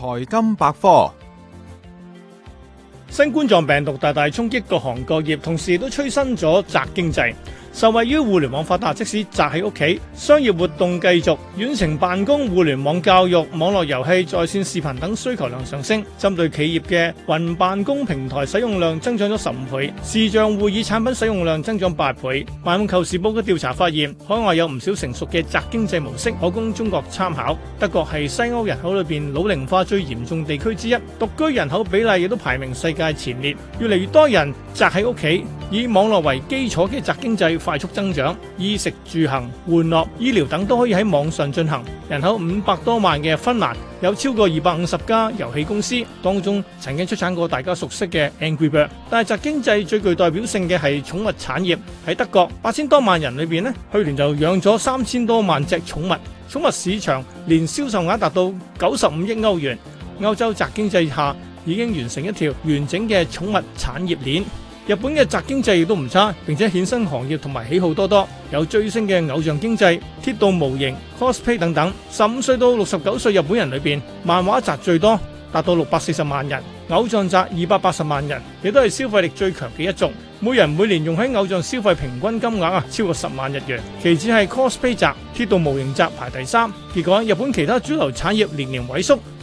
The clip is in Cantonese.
財金百科：新冠狀病毒大大衝擊各行各業，同時都催生咗宅經濟。受惠於互聯網發達，即使宅喺屋企，商業活動繼續，遠程辦公、互聯網教育、網絡遊戲、在線視頻等需求量上升。針對企業嘅雲辦公平台使用量增長咗十五倍，視像會議產品使用量增長八倍。《萬求時報》嘅調查發現，海外有唔少成熟嘅宅經濟模式可供中國參考。德國係西歐人口裏邊老齡化最嚴重地區之一，獨居人口比例亦都排名世界前列。越嚟越多人宅喺屋企。以網絡為基礎嘅宅經濟快速增長，衣食住行、玩樂、醫療等都可以喺網上進行。人口五百多萬嘅芬蘭有超過二百五十家遊戲公司，當中曾經出產過大家熟悉嘅 Angry Bird。但係宅經濟最具代表性嘅係寵物產業。喺德國八千多萬人裏邊咧，去年就養咗三千多萬隻寵物，寵物市場年銷售額達到九十五億歐元。歐洲宅經濟下已經完成一條完整嘅寵物產業鏈。日本嘅宅經濟亦都唔差，並且衍生行業同埋喜好多多，有最新嘅偶像經濟、鐵道模型、cosplay 等等。十五歲到六十九歲日本人裏邊，漫畫宅最多，達到六百四十萬人；偶像宅二百八十萬人，亦都係消費力最強嘅一族。每人每年用喺偶像消費平均金額啊，超過十萬日元。其次係 cosplay 宅、鐵道模型宅排第三。結果日本其他主流產業年年萎縮。